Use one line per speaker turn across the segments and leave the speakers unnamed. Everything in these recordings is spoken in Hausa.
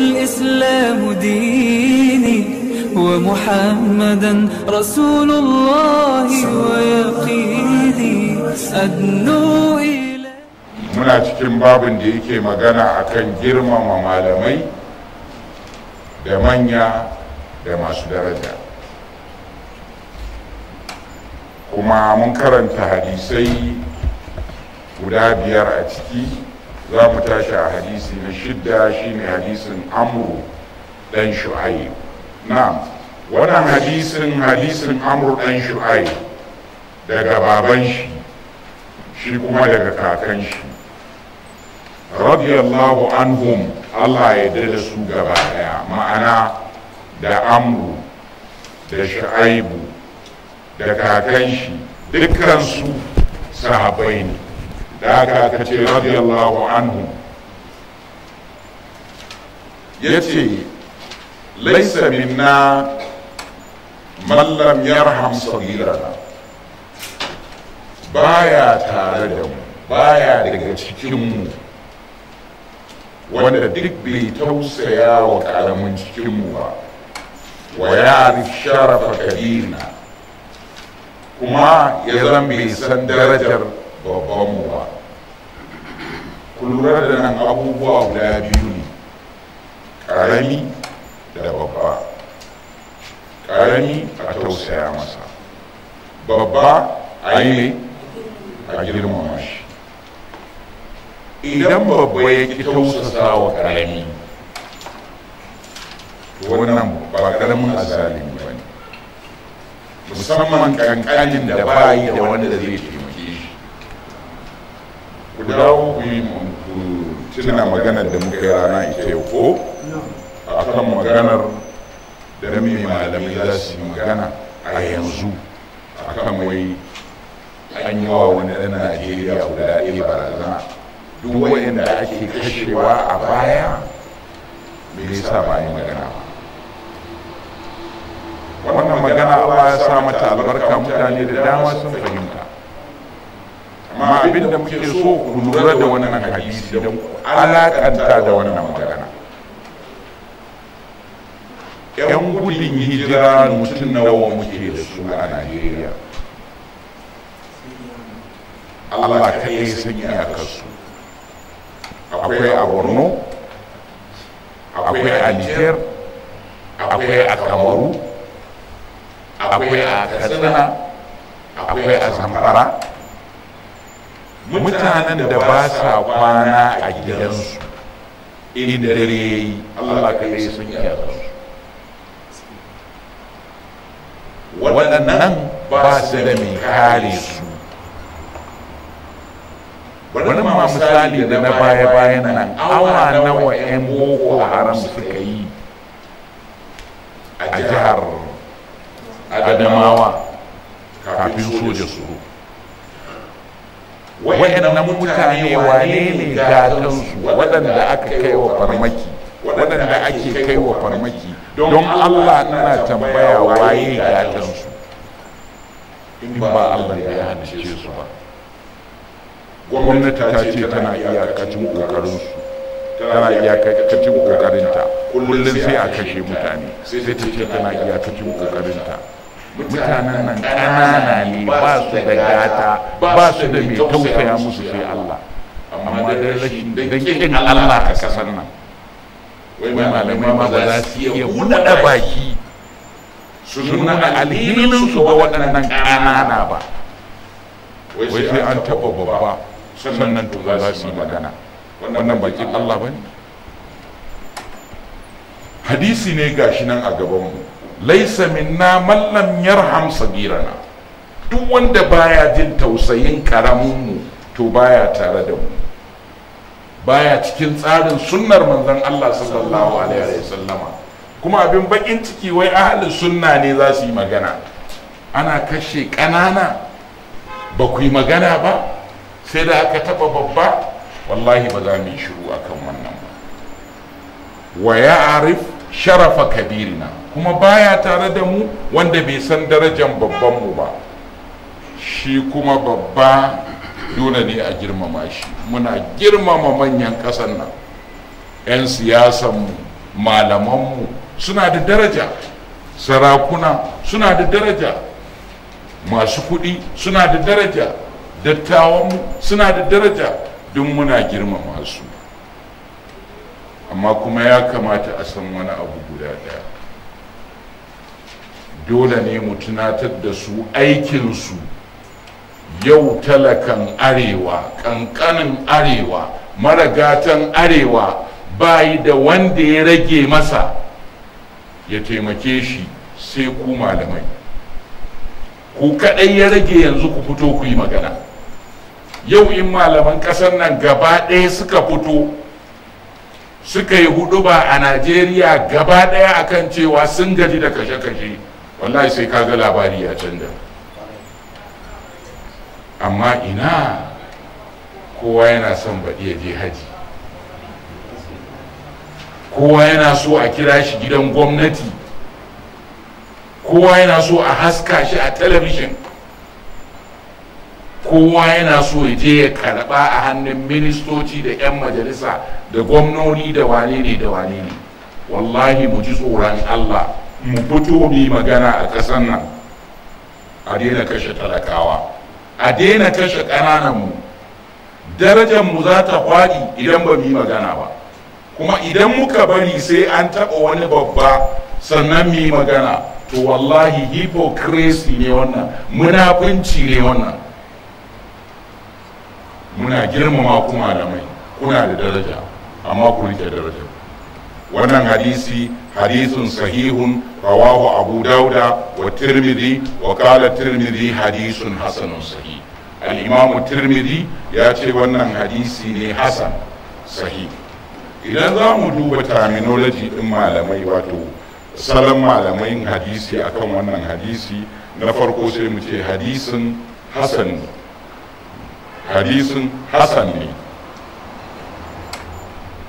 والإسلام ديني ومحمدا رسول الله ويقيني أدنو إليه muna cikin babin da yake magana akan girmama malamai da manya da masu daraja kuma mun karanta hadisai guda biyar a ciki za mu tashi a hadisi na shidda shine hadisin amru dan shu'ayi na wannan hadisin hadisin amru dan shu'ayi daga baban shi shi kuma daga kakan shi radiyallahu anhum Allah ya da su gaba daya ma'ana da amru da shu'aibu da kakan shi dukkan su sahabai ne da haka aka ce radiyallahu anhu ya ce laisa minna mallam yarham sagirana baya tare da mu baya daga cikinmu wanda duk bai tausaya wa karamin cikinmu ba wa ya sharafa kabirina kuma ya zan bai san darajar babanmu ba ku lura da nan abubuwa guda biyu ne ƙarami da babba ƙarami a tausaya masa babba a yi a girmama shi idan babba ya ki tausasa wa ƙarami wannan ba ƙaramin azalimi ba ne musamman ƙanƙanin da ba yi da wanda zai ke ku dawo ku yi tuna maganar da muka yi rana ita yau ko a kan maganar da mai malamai za su yi magana a yanzu a kan wai an yi wa wani ɗan najeriya guda ɗaya barazana duk wayanda ake kashewa a baya me yasa ba yi magana ba wannan magana baya ya sa mata albarka mutane da dama sun fahimta Ma abin da muke so ku lura da wannan hadisi don alakanta da wannan magana yan gudun hijira mutum nawa muke da su a najeriya allah ta yi san iyakarsu akwai a borno akwai a niger akwai a kamaru akwai a katsina akwai a zamfara mutanen da ba sa kwana a gidansu in dare ya yi allah kaɗai sun kyasa su waɗannan ba su da mai kare su wani ma misali da na baya-bayan nan awa nawa 'yan boko haram suka yi a jihar adamawa kafin soja su wa'annan mutane wane ne gadansu waɗanda aka kai wa farmaki waɗanda ake kai wa farmaki don allah ina tambaya waye gadansu in ba allah ya hannace su ba gwamnati ta ce tana iyakacin ƙoƙarinsu tana iyakacin ƙoƙarinta kullum sai a kashe mutane sai ta ce tana iyakacin ƙoƙarinta mutanen nan ƙanana ne ba su da gata ba su da mai tausaya musu sai Allah amma da rashin da kin Allah a kasar nan wai malamai ma ba za su iya buɗe baki su nuna alhinin su ba waɗannan ƙanana ba wai sai an taɓa babba sannan to za su yi magana wannan bakin Allah ba ne hadisi ne gashi nan a gabanmu laisa minna man lam yarham sagirana duk wanda baya jin tausayin karaminmu to baya tare da mu baya cikin tsarin sunnar manzon Allah sallallahu alaihi sallama kuma abin bakin ciki wai ahalin sunna ne za su yi magana ana kashe ƙanana ba ku yi magana ba sai da aka taɓa babba wallahi ba za mu yi shiru akan wannan ba wa ya arif sharafa kabirina kuma baya tare da mu wanda bai san darajan babban mu ba shi kuma babba dole ne a girmama shi muna girmama manyan ƙasan nan 'yan siyasanmu malamanmu suna da daraja sarakuna suna da daraja masu kuɗi suna da daraja dattawanmu suna da daraja Don muna girmama su amma kuma ya kamata a san wani abu guda ɗaya dole ne mu tunatar da su aikinsu yau talakan arewa ƙanƙanin arewa maragatan arewa bayi da wanda ya rage masa ya taimake shi sai ku malamai ku kaɗai ya rage yanzu ku fito ku yi magana yau in malaman ƙasar nan gaba ɗaya suka fito suka yi hudu a najeriya gaba ɗaya akan cewa sun gaji da kashe-kashe wallahi sai ka ga labari ya canja amma ina kowa yana son baɗi ya je haji kowa yana so a kira shi gidan gwamnati kowa yana so a haska shi a talabijin kowa yana so ya je ya karɓa a hannun ministoci da 'yan majalisa da gwamnoni da wane ne da wane ne wallahi mu ji tsoron allah mu fito mu magana a ƙasar nan a daina kashe talakawa a daina kashe mu darajar mu za ta faɗi idan ba mu yi magana ba kuma idan muka bari sai an taɓa wani babba sannan mu yi magana to wallahi hypocrisy ne wannan munafunci ne wannan muna girmama kuma da mai kuna da daraja amma ku rike daraja
wannan hadisi
Hadisin sahihun حديث صحيح رواه أبو داود والترمذي وقال الترمذي حديث حسن صحيح ya ce wannan hadisi ne Hassan sahi. idan za mu duba terminology din malamai wato salon malamai hadisi akan wannan hadisi na farko sai mu ce hadisin hasan ne hadisin hasan ne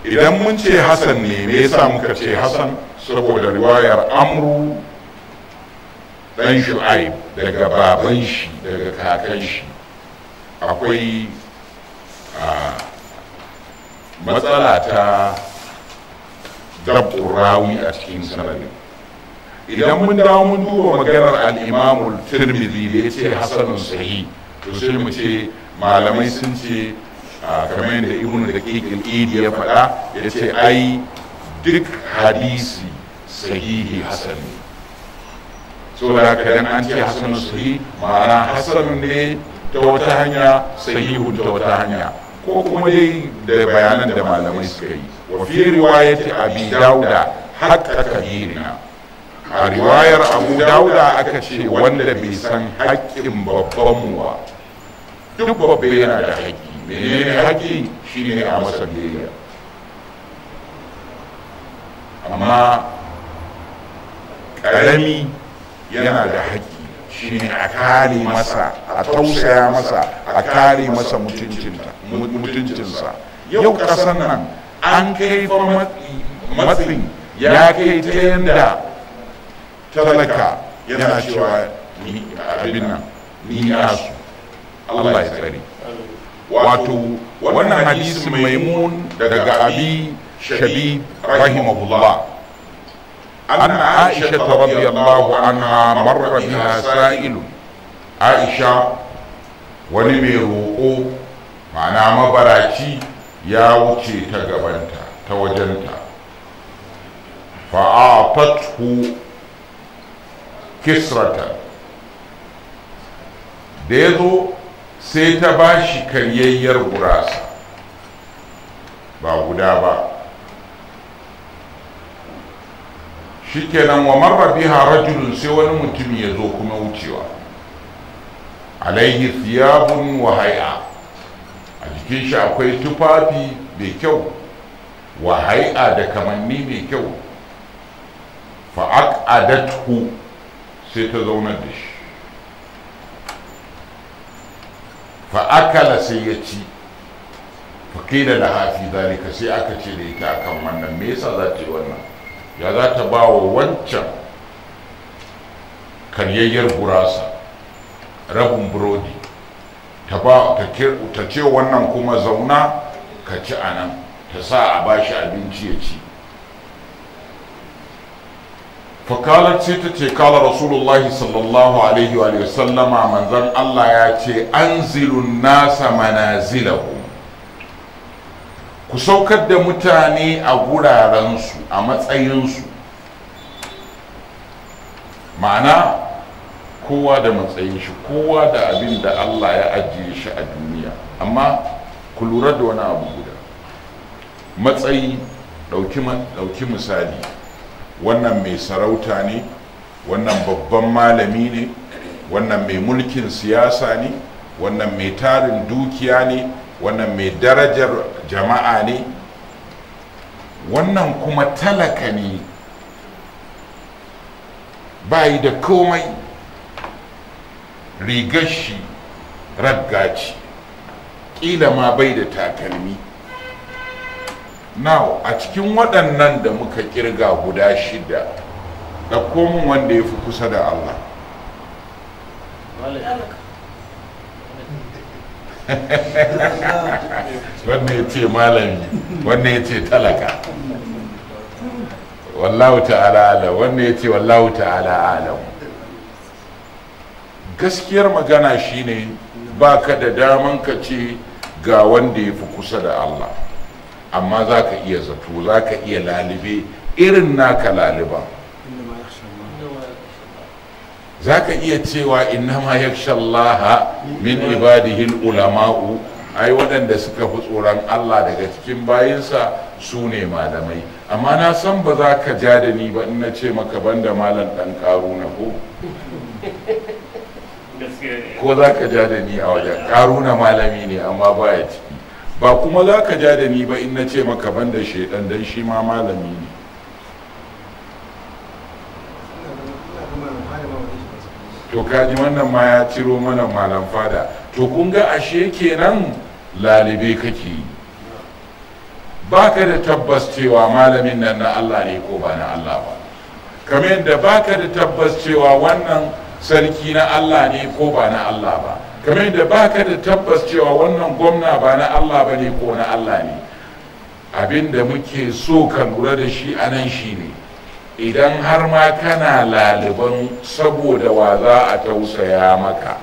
idan mun ce Hassan ne me yasa muka ce Hassan. saboda riwayar amru dan shu'aib daga baban shi daga kakan shi akwai matsala ta dab'ur rawi a cikin sanadin idan mun dawo mun duba maganar al'imamul tirmidhi da ya ce hasanun sahi to sai mu ce malamai sun ce kamar yadda ibnu da kekin idi ya faɗa ya ce ai duk hadisi sahihi hasani saboda ka dan an ce hasanu sahihi ma'ana hasanun ne ta wata hanya sahihun ta wata hanya ko kuma dai da bayanan da malamai suka yi wa fi riwayati abi dauda hatta kabirina a riwayar abu dauda aka ce wanda bai san haƙƙin babban mu ba duk babba yana da haƙƙi menene haƙƙi shine a masa biyayya amma karami yana da haƙƙi shi ne a kare masa a tausaya masa a kare masa mutuncinsa yau ƙasar nan an kai fa matsin ya kai ta yanda talaka yana cewa ni abin nan ni yasu. Allah ya tsare wato wannan hadisi maimun daga abi shabi rahimahullah أن عائشة رضي الله عنها مر بها سائل عائشة ونمي روقو معنى مبراتي يا وتي تقبنتا توجنتا فأعطته كسرة da سيتباشي zo sai ta ba shi karyayyar shikenan wa marra biha rajulun sai wani mutum ya zo kuma wucewa alaihi thiyabun wa hai'a a jikin shi akwai tufafi mai kyau wa hai'a da kamanni mai kyau datku sai ta zaunar da shi fa'akala sai ya ci Fa faƙila da hafi zalika sai aka ce da ita akan wannan me yasa za ta yi wannan ya za ta ba wa wancan karyayyar gurasa rabin burodi ta ba ce wannan kuma zauna ka ci a nan ta sa a bashi abinci ya ci fakalar sai ta ce kala rasulullahi sallallahu alaihi wa sallama manzan allah ya ce an zilun nasa manazilahu ku saukar da mutane a gurarensu a matsayinsu ma'ana kowa da matsayin shi kowa da abin da allah ya ajiye shi a duniya amma ku lura da wani abu guda matsayi ɗauki misali wannan mai sarauta ne wannan babban malami ne wannan mai mulkin siyasa ne wannan mai tarin dukiya ne wannan mai darajar jama'a ne wannan kuma talaka ne bayi da komai rigar shi raggaci ƙila ma bai da takalmi now a cikin waɗannan da muka kirga guda shida ɗauko min wanda ya fi kusa da allah wannan ya ce malami wannan ya ce talaka wallahu ta'ala alam wannan ya ce wallahu ta'ala alam gaskiyar magana shine ba ka da daman ka ce ga wanda ya fi kusa da allah amma za ka iya zato za ka iya lalibe irin naka laliba za ka iya cewa innama ya shallaha min ibadihin ulama'u ai waɗanda suka fi tsoron Allah daga cikin bayinsa su ne malamai amma na san ba za ka ja da ni ba in na ce maka banda malam ɗan ƙaruna ko ko za ka ja da ni a wajen ƙaruna malami ne amma baya ciki ba kuma za ka ja da ni ba in na ce maka banda shaidan don shi ma malami ne to kaji wannan ma ya ciro mana malam fada to kun ga ashe kenan lalibe kake yi baka da tabbas cewa malamin nan na Allah ne ko ba na Allah ba kamar yadda baka da tabbas cewa wannan sarki na Allah ne ko ba na Allah ba kamar yadda baka da tabbas cewa wannan gwamna ba na Allah ba ne ko na Allah ne abin da muke so ka lura da shi a nan shi ne idan har ma kana laliban saboda wa za a tausaya maka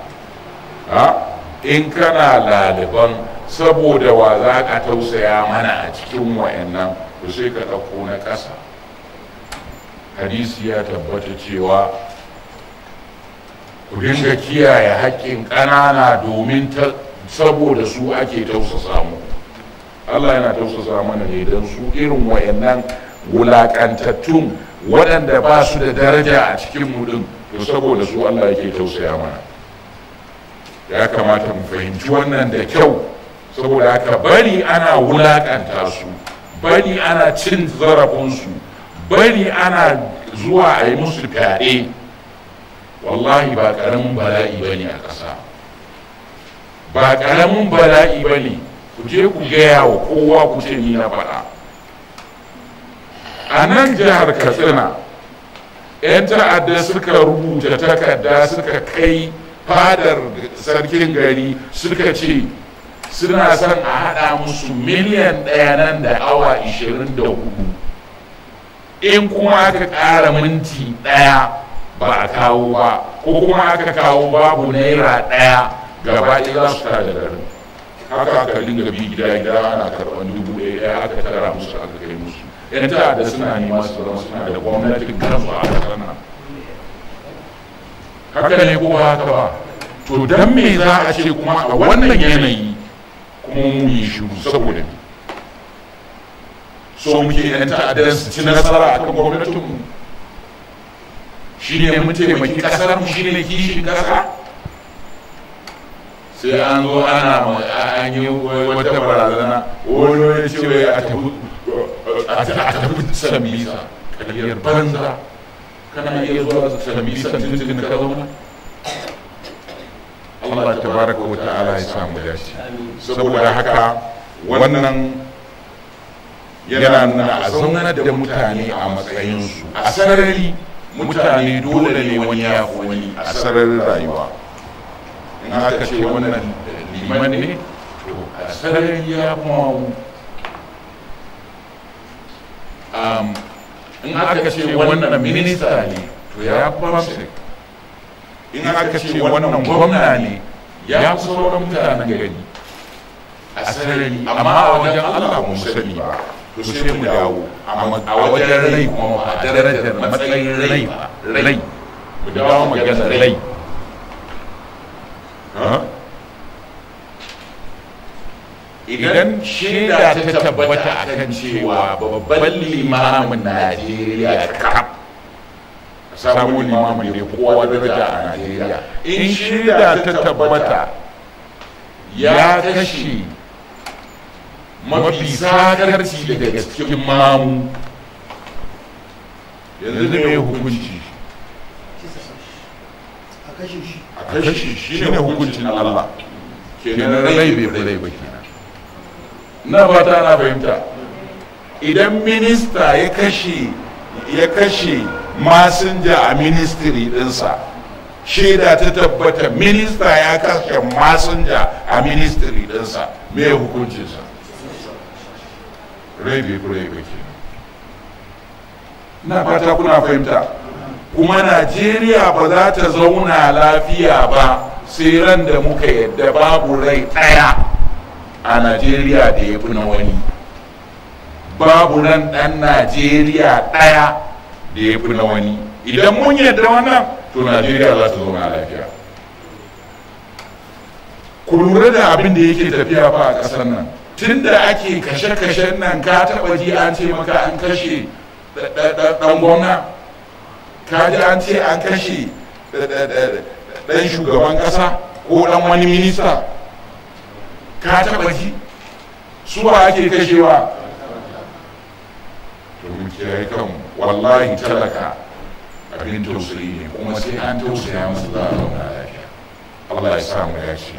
in kana laliban saboda wa za ka tausaya mana a cikin wa'annan ku sai ka ɗauko na ƙasa hadisi ya tabbata cewa ku dinga kiyaye haƙƙin ƙanana domin saboda su ake tausasa mu Allah yana tausasa mana ne don su irin wa'annan wulaƙantattun waɗanda ba su da daraja a cikin mu din to saboda su Allah yake tausaya mana ya kamata mu fahimci wannan da kyau saboda haka bari ana wulakanta su bari ana cin zarafinsu bari ana zuwa a yi musu fyaɗe wallahi ba ƙaramin bala'i ba ne a ƙasa ba ƙaramin bala'i ba ne ku je ku gaya wa kowa ku ce ni na faɗa a nan jihar katsina
'yan ta'adda suka rubuta takarda suka kai
fadar sarkin gari suka ce suna son a hada musu miliyan ɗaya nan da awa 24 in kuma aka ƙara minti ɗaya ba a kawo ba ko kuma aka kawo babu naira ɗaya gaba ɗaya za su tada garin haka aka dinga bi gida gida ana karɓar dubu ɗaya aka tara musu aka yan ta'adda suna nema su zama suna da gwamnatin kansu a ƙasar nan haka ne ko ba haka ba to dan me za a ce kuma a wannan yanayi kuma mu yi shiru saboda me so muke yan ta'addan su ci nasara a akan gwamnatinmu shi ne mun taimaki kasar mu shi ne kishin ƙasa. sai an zo ana an yi wata barazana wani wani cewa a tafi a ji a tafi salamisa ƙaryar banza kana iya zuwa salamisa tuntun ka zauna Allah tabaraka wa ta'ala ya samu dace saboda haka wannan yana nuna a zaunar da mutane a matsayinsu a sarari mutane dole ne wani ya wani a sarari rayuwa in aka ce wannan liman ne to a sarari ya kuma Um, in aka ce wannan minista ne to ya fi in aka ce wannan gwamna ne ya fi sauran mutanen gani asali amma a wajen allah mu sani ba to sai mu dawo a wajen rai kuma a darajar matsayin rai ba rai
mu dawo magana rai
idan shaida ta tabbata a kan cewa babban limamin najeriya A samun limamin da kowa daraja a najeriya in shaida ta tabbata ya kashe mafi sakarci daga cikin mamu yanzu ne hukunci a kashe shi ne hukuncin allah kenan rai bai bai bai kenan na fata na fahimta idan minista ya kashe ya kashe masinja a ministiri dinsa shaida ta tabbata minista ya kashe masinja a ministiri dinsa mai hukuncinsa rabe rabe ke na fata kuna fahimta kuma najeriya ba za ta zauna lafiya ba sai ran da muka yadda babu rai ɗaya a najeriya da ya fi na wani babu nan ɗan najeriya ɗaya da ya fi na wani idan mun yadda wannan to najeriya za ta zauna lafiya ku lura da abin da yake tafiya fa a kasar nan tun da ake kashe-kashen nan ka taɓa ji an ce maka an kashe ɗan gwamna ka ji an ce an kashe ɗan shugaban ƙasa ko ɗan wani minista ka taba ji Su ba ake kashewa to kiyaye kan wallahi talaka abin tausayi ne kuma sai an tausaya masa za a zauna lafiya Allah ya samu ya ce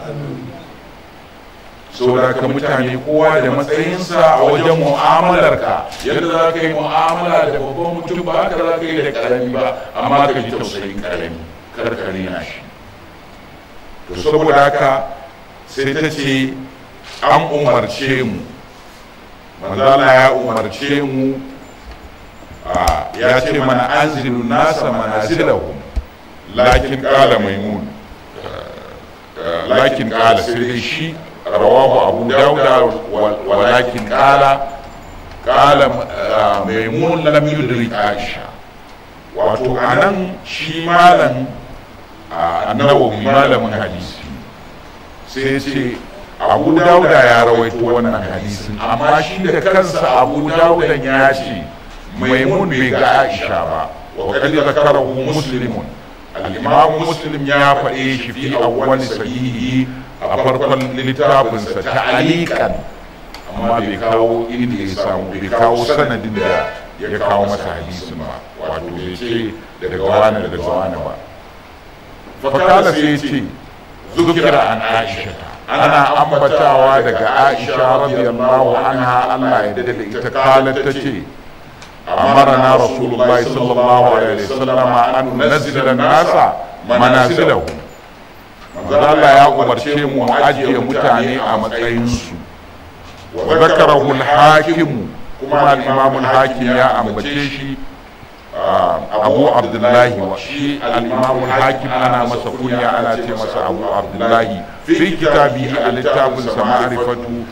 saboda ka mutane kowa da matsayinsa a wajen mu'amalarka yadda za ka yi mu'amala da babban mutum ba ka za ka yi da karami ba amma ka ji tausayin karami karkare na shi to saboda haka sai ta ce an umarce mu manzala ya umarce mu ya ce mana anzilu nasa manazilahum lakin kala maimun lakin kala sai dai shi rawahu abu dauda walakin kala kala maimun lam yudri aisha wato anan shi malam annawawi malamin hadisi sai ce abu dauda ya rawaito wannan hadisin amma shi da kansa abu dauda ya ce maimun bai ga aisha ba wa kad zakarahu muslimun al-imam muslim ya faɗe shi fi awwal sahihi a farkon littafinsa ta'liqan
amma bai kawo inda ya samu bai kawo sanadin da ya kawo masa hadisin ba wato bai ce
daga wani daga wani ba fakala sai ce zukira an aisha ana ambatawa daga aisha radiyallahu anha allah ya da ita kala ta ce amarna rasulullahi sallallahu alaihi wasallama an nazzila nasa manazilahu Allah ya umarce mu mu ajiye mutane a matsayinsu
wa zakarahu al kuma al-imam hakim ya ambace
shi abu abdullahi wa shi al'imamu hakim ana masa kunya ana ce masa abu abdullahi fi kitabi a littafin sa ma'arifatu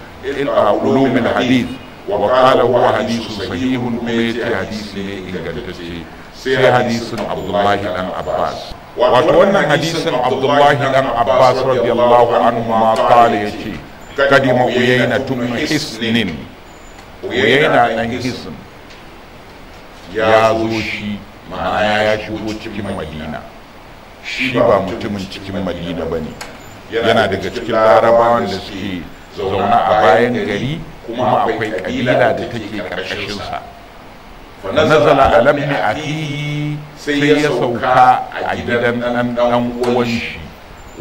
ulumin hadith wa qala huwa hadithu sahihun me ce hadisi ne ingantacce sai hadisin abdullahi dan abbas wato wannan hadisin abdullahi dan abbas radiyallahu anhu ma ya ce kadima uyayna tum hisnin uyayna dan hisnin ya zo shi ma'ana ya shigo cikin madina shi ba mutumin cikin madina ba ne yana daga cikin larabawan da suke zauna a bayan gari kuma akwai kabila da take karkashinsa nazala alam ne a sai ya sauka a gidan ɗan ɗan uwan shi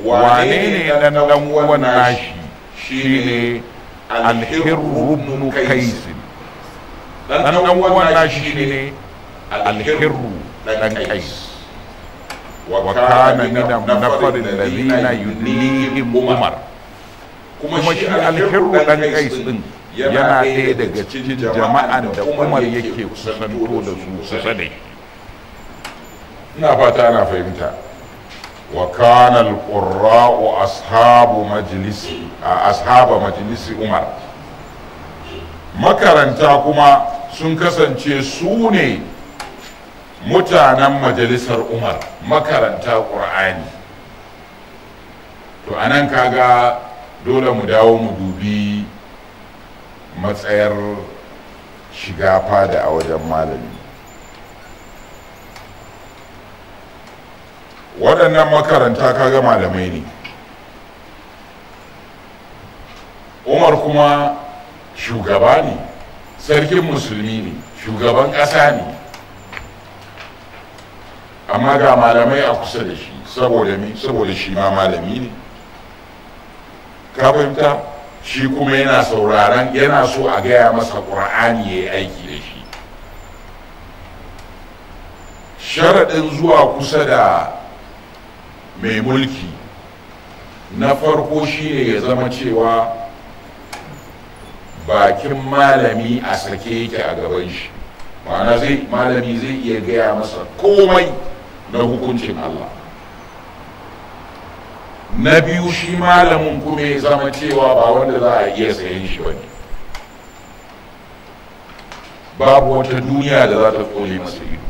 wane ne ɗan ɗan uwan nashi shine alhirru ibn kaisin dan dan uwan nashi shine alhirru dan qais wa kana min nafarin ladina yudlihim umar kuma shi alhirru dan qais din yana ɗaya daga cikin jama'an da umar yake kusanto da su kusa da ina fata ana fahimta wa kana alqurra'u ashabu majlisi ashaba majlisi umar makaranta kuma sun kasance su ne mutanen majalisar umar makaranta ƙur'ani to anan kaga dole mu dawo mu dubi matsayar shiga fada a wajen malami waɗannan makaranta kaga malamai ne umar kuma shugaba ne sarkin musulmi ne shugaban ƙasa ne amma ga malamai a kusa da shi saboda mi saboda shi ma malami ne ka fahimta shi kuma yana sauraron yana so a gaya masa ƙur'ani ya yi aiki da shi sharaɗin zuwa kusa da mai mulki na farko shi ne ya zama cewa bakin malami a sake yake a gaban shi ma'ana zai malami zai iya gaya masa komai na hukuncin Allah na biyu shi malamin kuma ya zama cewa ba wanda za a iya sayan shi ba ne babu wata duniya da za ta tsole masa ido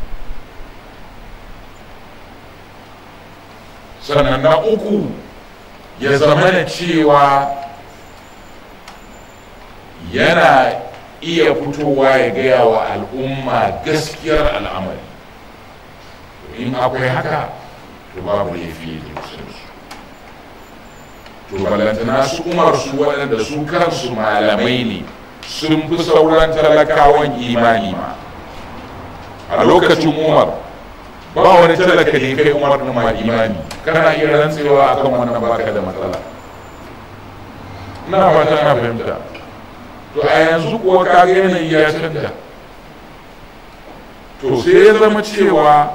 sannan na uku ya zama da cewa yana iya fitowa ya gaya wa al'umma gaskiyar al'amari in akwai haka to babu laifi da to balantana su umar su waɗanda su kansu malamai ne sun fi sauran talakawan imani ma a lokacin umar
ba wani talaka ya kai umar na ma imani kana iya rantsewa akan wannan baka
da matsala ina fata na fahimta to a yanzu kuwa kaga yanayi ya canja to sai ya zama cewa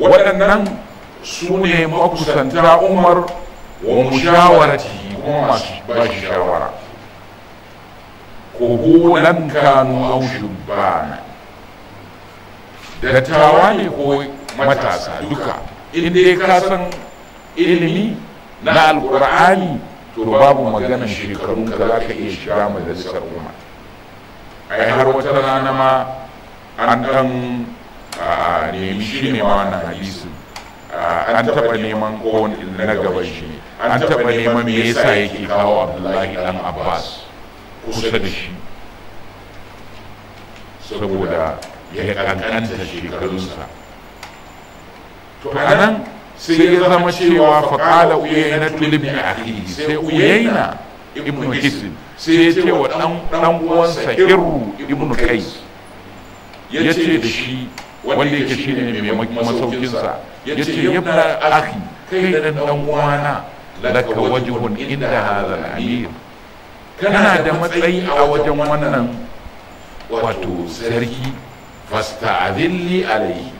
waɗannan su ne makusanta umar
wa ci kuma masu ba shi
shawara kogolan kanu au shubbana dattawa ne ko matasa duka inda ya kasan ilimi na alkur'ani to babu maganin shekarun ka za ka iya shiga majalisar A ai har wata rana ma an dan ah, nemi shi ne ma wannan hadisin ah, an taɓa neman kowane na gaba shi an taɓa neman me yasa yake kawo abdullahi dan abbas kusa da shi saboda ya kankanta shekarunsa to anan sai ya zama cewa faƙala uyaina tulibni akhi sai na, ibnu hisn sai ya ce wa ɗan uwansa Irru, ibnu kai ya ce da shi wanda yake shi ne mai masaukinsa ya ce yabna akhi kai dan ɗan uwana laka wajhun inda hadha amir kana da matsayi a wajen wannan wato sarki fasta'adhilli alayhi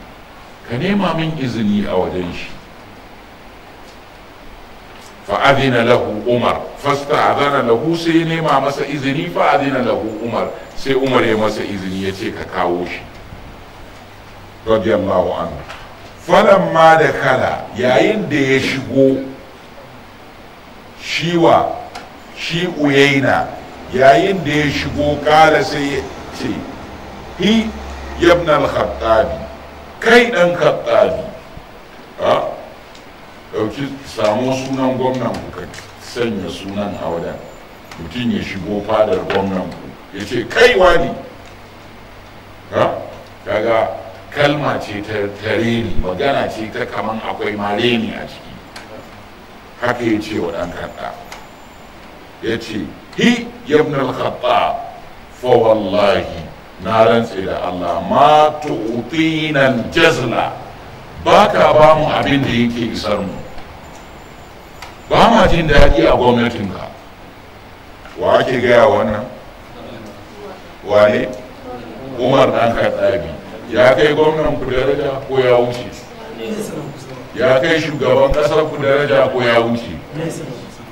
ka nema min izini a wajen shi fa'adina lahu umar fasta azana lahu sai ya nema masa izini fa'adina lahu umar sai umar ya masa izini ya ce ka kawo shi radiyallahu anhu falan ma da kala yayin da ya shigo shiwa shi uyaina yayin da ya shigo kala sai ya ce hi yabnal khattabi kai dan khattabi ah, ɗauki samo sunan gwamnan ku ka sanya sunan a wadan mutum ya shigo fadar gwamnan ku ya ce kai wani ha kaga kalma ce ta tare ni. magana ce ta kaman akwai mare ni a ciki haka ya ce wa ɗan kaɗa ya ce hi yabnal khatta fa wallahi na rantse da Allah ma tu'tinan jazla baka ba mu abin da yake isar mu ba ma jin daɗi a gwamnatinka wa ake gaya wannan wane umar ɗan kaɗabi ya kai gwamnan ku daraja ko ya wuce ya kai shugaban ƙasar ku daraja ko ya wuce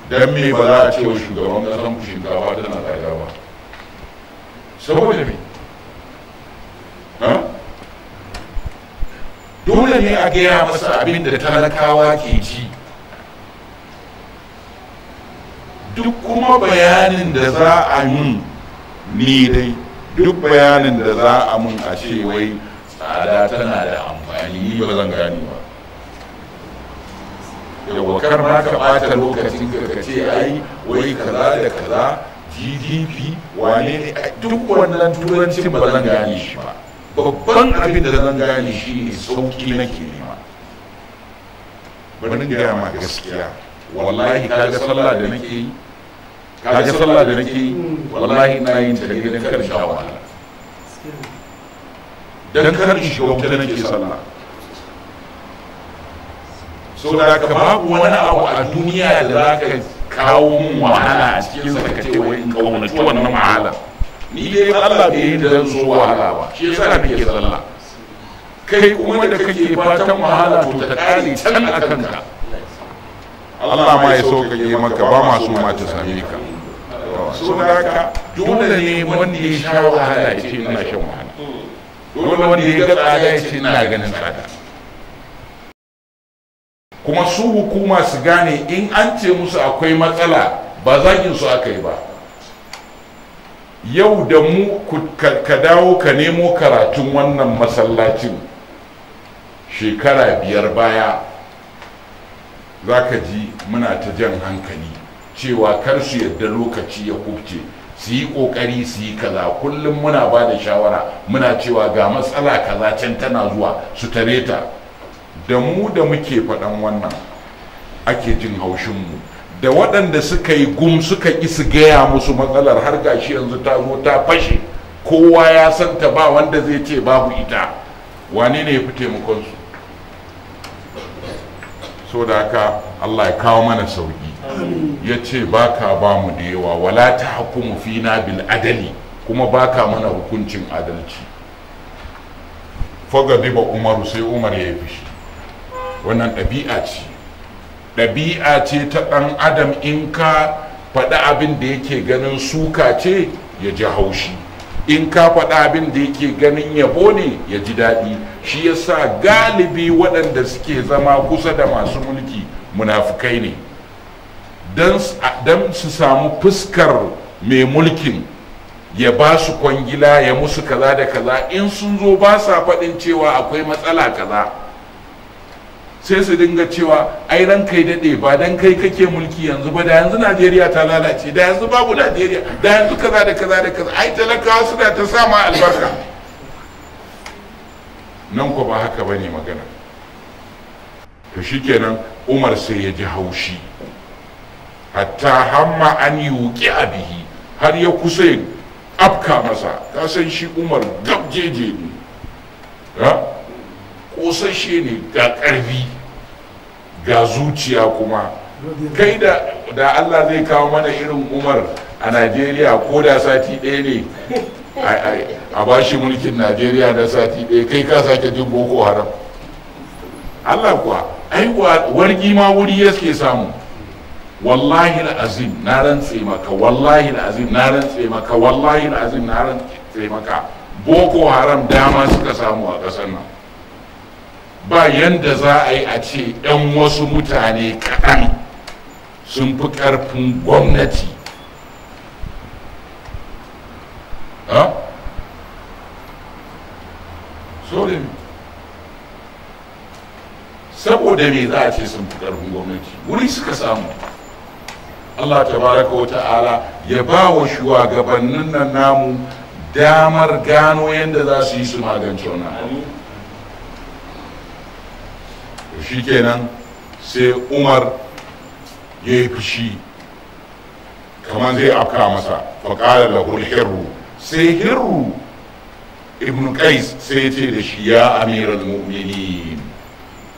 don me ba za a ce wa shugaban ƙasar ku shinkafa tana tsada ba saboda me dole ne a gaya masa abin da talakawa ke ci duk kuma bayanin da za a yi ni dai duk bayanin da za a mun a ce wai tsada tana da amfani ni ba zan gane ba yawa kar ma ka ɓata lokacin ka ka ce ai wai kaza da kaza gdp wane ne duk wannan turancin ba zan gane shi ba babban abin da zan gane shi ne sauki nake nema bari gaya ma gaskiya wallahi kaga sallah da nake yi kaga sallah da nake wallahi ina yin ta ne don kar sha wahala dan kar in shiga wuta nake sallah so da ka babu wani abu a duniya da za ka kawo mun wahala a cikin sa ka ce wai in kaunaci wannan wahala ni dai Allah bai yi da zan so wahala ba shi yasa nake sallah kai kuma da kake fatan wahala to ta kare can a kanka Allah ma ya so ka yi maka ba masu ma ta same ka sunaka dole ne wanda ya sha wahala ya ce ina shan wahala dole wanda ya ga tsada ya ce ina ganin tsada kuma su hukuma su gane in an ce musu akwai matsala ba zagin su aka yi ba yau da mu ka dawo ka nemo karatun wannan masallacin shekara biyar baya za ka ji muna ta jan hankali cewa kar su yadda lokaci ya kubce su yi kokari su yi kaza kullum muna ba da shawara muna cewa ga matsala kaza can tana zuwa su tare ta da mu da muke faɗan wannan ake jin haushin mu da waɗanda suka yi gum suka ƙi su gaya musu matsalar har gashi yanzu ta zo ta fashe kowa ya san ta ba wanda zai ce babu ita wane ne ya fi taimakonsu so da haka allah ya kawo mana sauki ya ce ba ka ba mu da yawa wala ta hukumu fina bil adali kuma ba ka mana hukuncin adalci fagadi ba umaru sai umar ya yi fushi wannan ɗabi'a ce ɗabi'a ce ta ɗan adam in ka faɗi abin da yake ganin suka ce ya ji haushi in ka faɗa abin da yake ganin yabo ne ya ji daɗi shi yasa galibi waɗanda suke zama kusa da masu mulki munafukai ne don su samu fuskar mai mulkin ya ba su kwangila ya musu kaza da kaza in sun zo ba sa faɗin cewa akwai matsala kaza sai su dinga cewa ai ran kai daɗe ba dan kai kake mulki yanzu ba da yanzu najeriya ta lalace da yanzu babu najeriya da yanzu kaza da kaza da kaza ai talakawa suna ta sama albarka nan ko ba haka bane magana to shikenan umar sai ya ji haushi hatta hamma an yi a bihi har ya kusa ya afka masa ka san shi umar gabjeje ne kosashe ne ga ƙarfi ga zuciya kuma kai da da allah zai kawo mana irin umar a najeriya ko da sati ɗaya ne a bashi mulkin najeriya da sati ɗaya kai ka sake jin boko haram allah kuwa ai wargi ma wuri yake samu wallahi azim na rantse maka wallahi azim na rantse maka wallahi azim na rantse maka boko haram dama suka samu a ƙasar nan ba yanda za a yi a ce 'yan wasu mutane kaɗan sun fi ƙarfin gwamnati ha? sorry saboda me za a ce sun fi ƙarfin gwamnati wuri suka samu allah tabaraka wa ta'ala ya ba wa shugabannin nan namu damar gano yadda za su yi su magance wannan shi kenan sai umar ya yi fushi kamar zai afka masa faƙalar da hirru sai hirru ibn qais sai ya ce da shi ya amiral mu'minin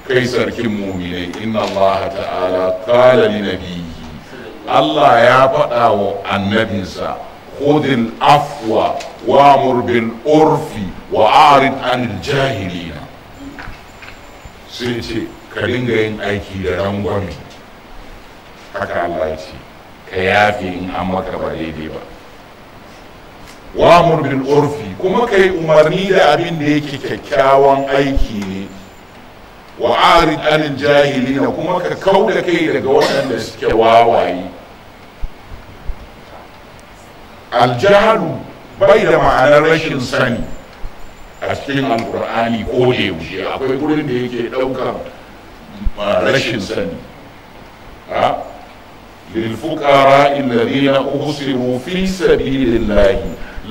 kai sarkin mu'minai inna allaha ta'ala qala li nabiyyi Allah ya faɗa wa annabinsa khudil afwa wa murbin urfi wa arid jahilina sai ce ka dinga yin aiki da rangwame haka Allah ce ka yafe in an maka ba daidai ba wa murbin urfi kuma ka yi umarni da abin da yake kyakkyawan aiki ne wa arid jahilina kuma ka kauda kai daga waɗanda suke wawaye aljaru bai da ma'anar rashin sani a cikin Alƙur'ani ko da yaushe akwai gurin da yake daukan rashin sani a lilfukara illari na uhusiru fi sabi lillahi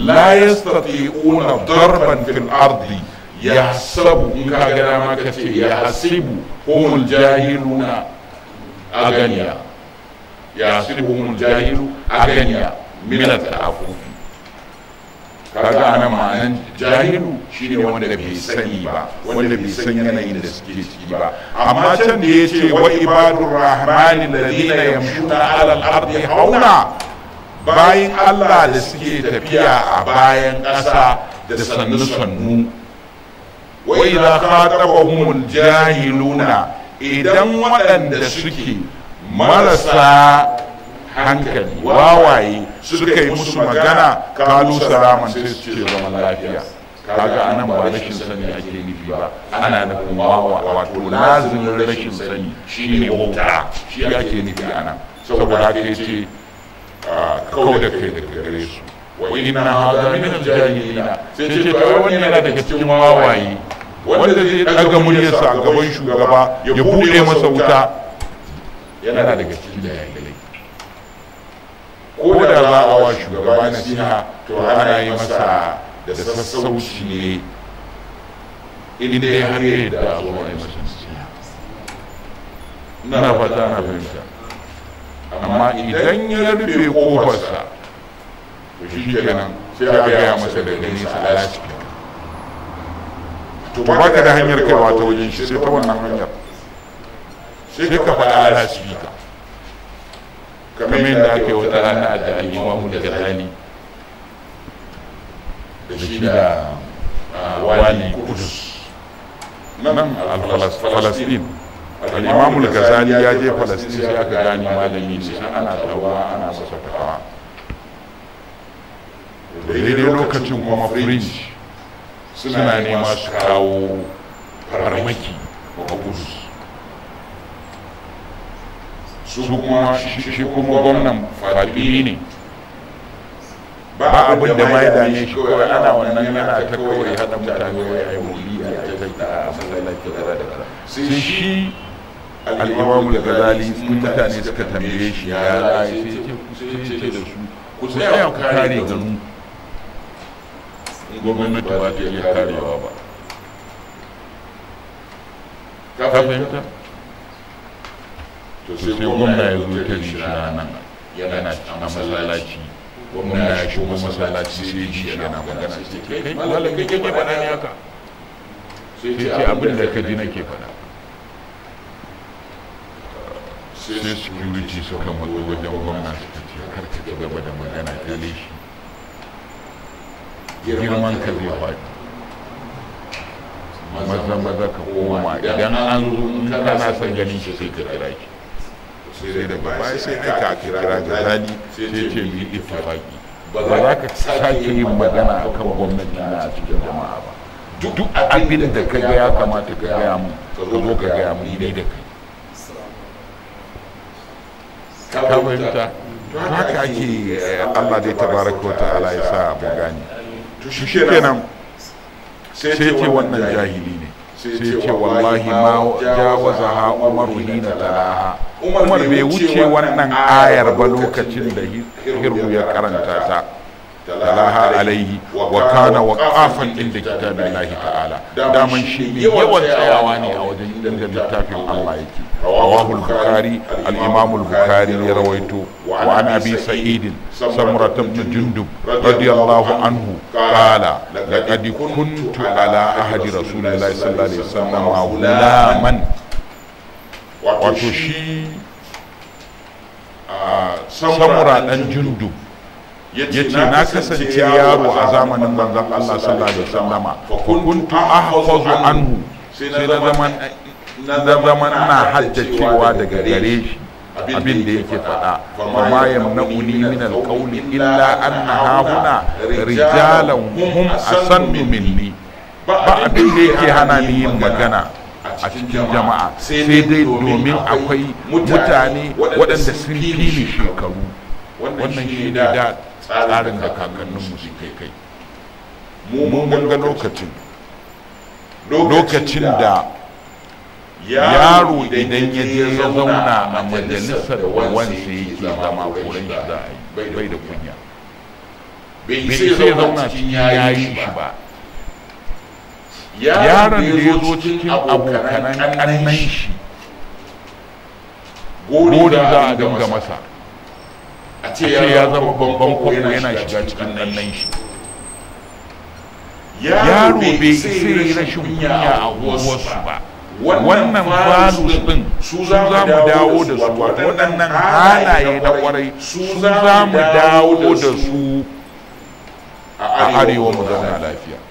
la ya stati una darban fil ardi ya sabu in ka gana maka ce ya hasibu homul jahilu na aganiya ya minas aqubi kaga anan ma'anan jahilu shine wanda bai sani ba wanda bai san yanayin da suke ciki ba amma can da yace wa ibadur rahmani alladhina yamshuna ala al-ardi hauna bayin Allah da suke tafiya a bayan ƙasa da sannu sannu wa idza khatabahum al-jahiluna idan waɗanda suke marasa hankali wawaye suka yi musu magana kano salaman sai su ce zaman lafiya kaga anan ba rashin sani ake nufi ba ana nufin wawa wato lazimin rashin sani shi ne wauta shi ake nufi anan saboda haka yace ah, kawo da kai daga gare su wa inna hadha min al-jahilina sai ce to wani yana daga cikin wawaye wanda zai daga muryarsa a gaban shugaba ya bude masa wuta yana daga cikin jahilai
ko da za a wa shugaba na siya, to ana yi masa
da sassauci ne inda ya har da a zo yi masa siya. na fata na fahimta amma idan ya rufe kofarsa to shi kenan sai a gaya masa da gani salati to ba ka da hanyar kaiwa ta wajen shi sai ta wannan hanyar sai ka faɗa ka kamar yadda ake wata rana da alimamu da gazali da shi da ah, ah, wani kudus nan falastin al'imamul gazali ya je falastin sai aka gani malami ne ana tawa ana masa fatawa daidai lokacin kuma french suna nema su kawo farmaki wa kudus su kuma shi kuma gwamnan fadili ne ba abin da ma ya ne shi kawai ana wannan yana ta kawai hada mutane wai a yi wuli a ta taita a masallaci da da sai shi al'imamu da gazali mutane suka tambaye shi ya ra'ayi sai ce da su ku tsaya ku kare garin gwamnati ba ta iya karewa ba ka fahimta to sai gwamna ya zo ta shi ranar yana a masallaci gwamna ya shigo masallaci sai shi yana magana sai kai malam kai kake faɗa ne haka sai ce abin da ka ji nake faɗa sai security suka matso wajen gwamna suka ce kar ka ci gaba da magana kyale shi
girman ka zai faɗi maza maza ka koma idan an zo kana son ganin
shi sai ka kira shi sai da baya sai ka kira ba sake yin magana kan gwamnati na a cikin ba duk abin ka ga ya kamata ka gaya mu ka zo ka gaya mu ni da kai ka haka ake eh, Allah dai tabaraka ta'ala ya sa abu gani shi kenan sai ce wannan jahili ne sai ce wallahi ma waza ha umar hina talaha umar bai wuce wannan ayar ba lokacin da hirmu ya karanta ta talaha alaihi wa kana waqafan inda kitabillahi ta'ala daman shi mai yawan tsayawa ne a wajen inda littafin Allah yake rawahu al-bukhari al bukhari ya rawaito wa an abi sa'id samurah ibn jundub radiyallahu anhu qala laqad kuntu ala ahadi rasulillahi sallallahu alaihi wasallam wato shi samura dan ya ce na kasance yaro a zamanin manzon Allah sallallahu alaihi wasallama kuntu ahfazu anhu sai na eh, zaman na zaman na haddacewa daga gare shi abin da yake faɗa wa ma yamna'uni min alqawli illa anna hauna rijalan hum asannu minni ba abin da yake hana ni yin magana a cikin jama'a sai dai domin akwai mutane waɗanda sun fi ni shekaru wannan shi ne da tsarin da kakanninmu suke kai mun ga lokacin
lokacin
da yaro idan ya je zauna a majalisar da wansa yake zama koren shi za a yi bai da kunya
bai sai zauna cikin yayi shi ba yaron da ya zo cikin abokanan ƙannan shi gori za a dinga masa
a ce ya zama babban kuma yana shiga cikin nan shi yaro bai sai rashin kunya a wasu ba wannan values din su za mu dawo da su waɗannan halaye na ƙwarai su za mu dawo da su a arewa mu zauna lafiya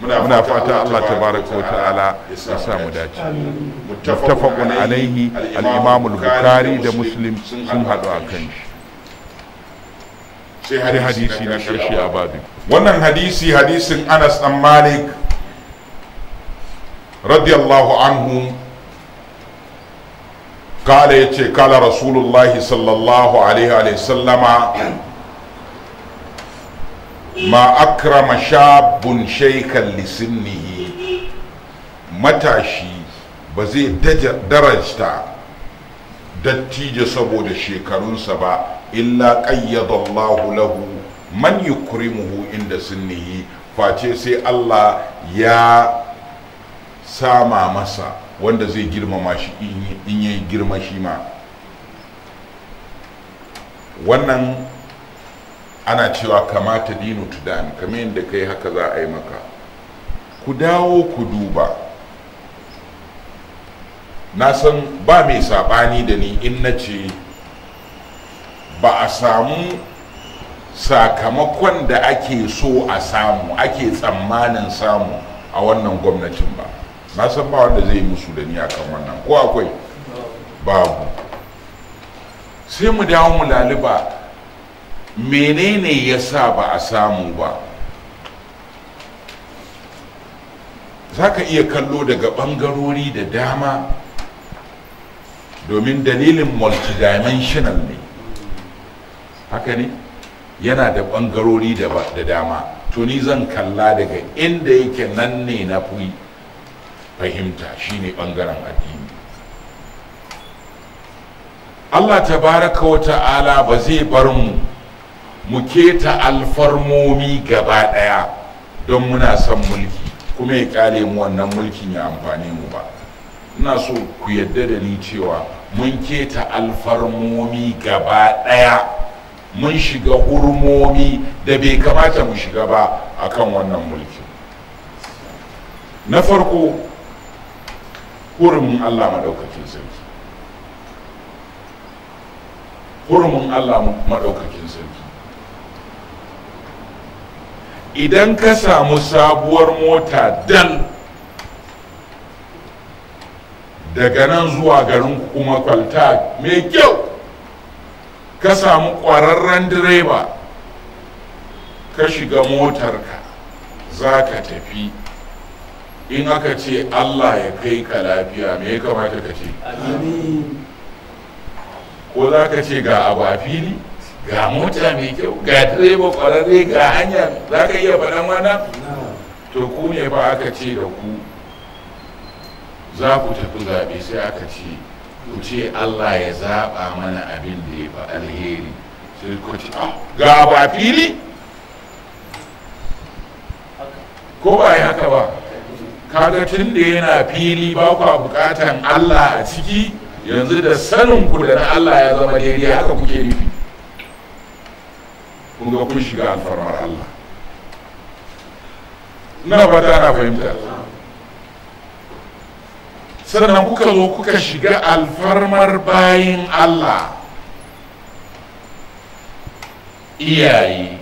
muna fata Allah tabaraka wa ta'ala ya sa mu dace muttafaqun alaihi al-imam al-bukhari da muslim
sun hadu akan shi sai hadisi na karshe a babin wannan hadisi hadisin Anas dan Malik radiyallahu anhu قال يتي قال رسول الله صلى الله عليه وسلم ma akrama shabun shaikhan lisinnihi matashi ba zai darajta dattijo saboda shekarunsa ba illa qayyadallahu lahu man yukrimuhu inda sinnihi face sai Allah ya sama masa wanda zai girmama shi in yayi girma shi ma wannan ana cewa kamata dinu tudan kamar yadda kai haka za a yi maka ku dawo ku duba na san ba mai sabani da ni in na ce ba a samu sakamakon da ake so a samu ake tsammanin samu a wannan gwamnatin ba na san ba wanda zai musu da ni akan wannan ko akwai babu sai mu dawo mu laliba menene ya sa ba a samu ba za ka iya kallo daga ɓangarori da dama domin dalilin multidimensional ne haka ne yana da ɓangarori da dama tuni zan kalla daga inda yake nan ne na fi fahimta shine ɓangaren addini allah ta baraka wa ta'ala ba zai bar mu mu keta alfarmomi gaba ɗaya don muna son mulki kuma ya kare mu wannan mulkin ya amfane mu ba ina so ku yadda da ni cewa mun keta alfarmomi gaba ɗaya mun shiga hurmomi da bai kamata mu shiga ba akan wannan mulki na farko hurumin allah maɗaukakin sarki hurumin allah maɗaukakin sarki idan ka samu sabuwar mota dal daga nan zuwa garin kuma kwalta mai kyau ka samu ƙwararren direba ka shiga motarka za ka tafi in aka ce allah ya kai ka lafiya me ya kamata ka ce ko za ka ce ga abafili fili ga mota mai kyau ga direba kwararre ga hanya za ka iya faɗan wannan to ku ne ba aka ce da ku za ku tafi zaɓe sai aka ce ku ce allah ya zaɓa mana abin da ya fi alheri sai ku ce ah, ga ba fili ko ba yi haka ba kaga tun da yana fili ba a bukatan allah a ciki yanzu da sanin ku da na allah ya zama daidai haka kuke nufi kuma kun shiga alfarmar Allah na fata ana fahimta sannan kuka zo kuka shiga alfarmar bayin Allah iyaye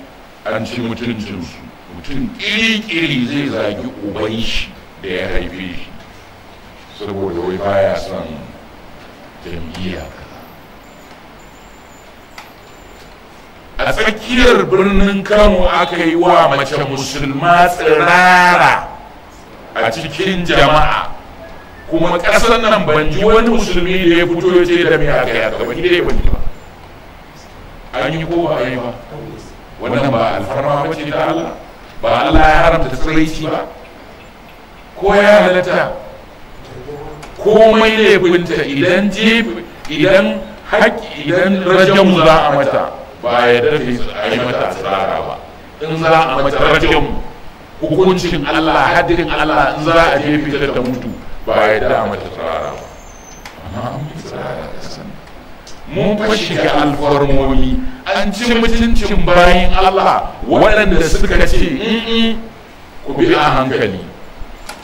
an ci mutuncinsu mutum ƙiri-ƙiri zai zagi uban shi da ya haife shi saboda wai baya son jam'iyya a tsakiyar birnin kano aka yi wa mace musulma tsirara a cikin jama'a kuma ƙasar nan ban ji wani musulmi da ya fito ya ce da mai aka yaka ba gida ya banji ba an yi ko ba a yi ba wannan ba alfarma ba ce ta Allah ba Allah ya haramta tsiraici ba ko ya halatta komai laifinta idan jefi idan haƙƙi idan rajamu za a mata ba ya dace a yi mata asirara ba in za a mata rajin hukuncin Allah hadirin Allah in za a jefe ta ta mutu ba ya da mata tsirara ba amma an bi tsirara da san mun fa shiga alfarmomi an ci mutuncin bayan Allah waɗanda suka ce ku bi a hankali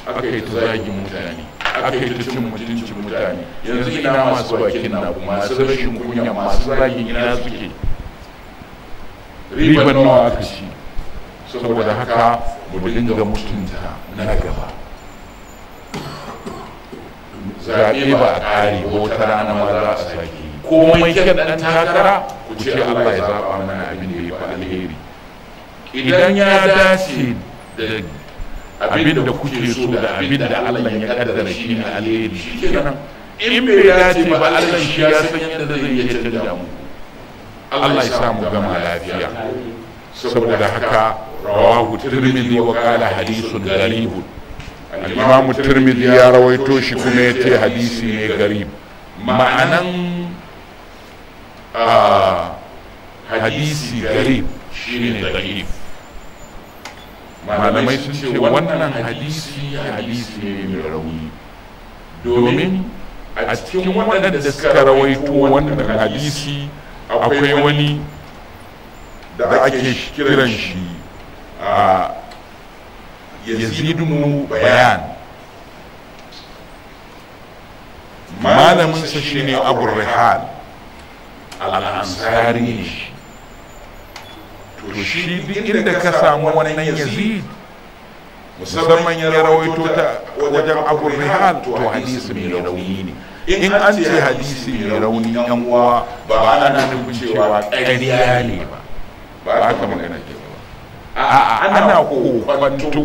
aka yi ta zagin mutane aka yi ta cin mutuncin mutane yanzu ina masu bakin na masu rashin kunya masu zagin ina suke ribar nawa aka ci saboda haka mu dinga mutunta na gaba zaɓe ba a ƙari ba wata rana ma za a sake mai kyan ɗan takara ku ce Allah ya zaɓa mana abin da ya fi alheri idan ya dace da abin da kuke so da abin da Allah ya kaddara shi ne alheri shi kenan
in bai dace ba Allah shi ya san yadda zai iya
canza mu Allah ya samu gama lafiya saboda haka rawahu tirmidhi wa qala hadithun gharib al-imam tirmidhi ya rawaito shi kuma yace hadisi ne garib ma'anan ah, hadisi garib shine da'if malamai sun ce wannan hadisi hadisi ne mai rauni domin a cikin waɗanda suka rawaito wannan hadisi akwai wani da ake kiran shi a yazidu bayan malaminsa shi ne abu rihal al'ansari ne to shi inda ka samu wannan yazid musamman ya rawaito ta wajen abu rihal to hadisi mai rauni ne in an ce hadisi mai rauni yan uwa ba ana nufin cewa ƙarya ne ba ba ka magana ke ba a'a ana kokwanto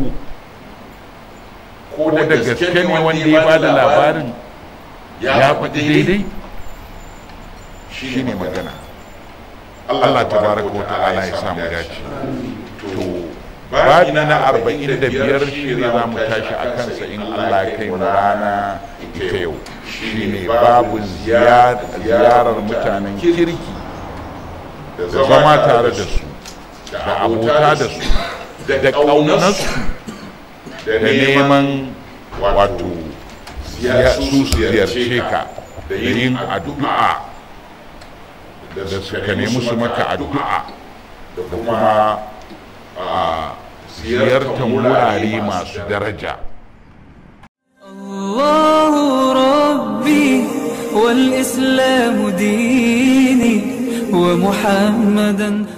ko da gaske ne wanda ya bada labarin ya faɗi daidai shi ne magana Allah ta baraka wa ala ya samu dace to babi na arba'in da biyar shi za mu tashi a kansa in Allah kai mu rana ita yau shine babu ziyarar mutanen kirki da zama tare da su da abota da su da ƙaunarsu da neman wato su ziyarce ka da yin addu'a da suka nemi su maka addu'a da kuma ziyartar wurare masu daraja الله ربي والإسلام ديني ومحمدا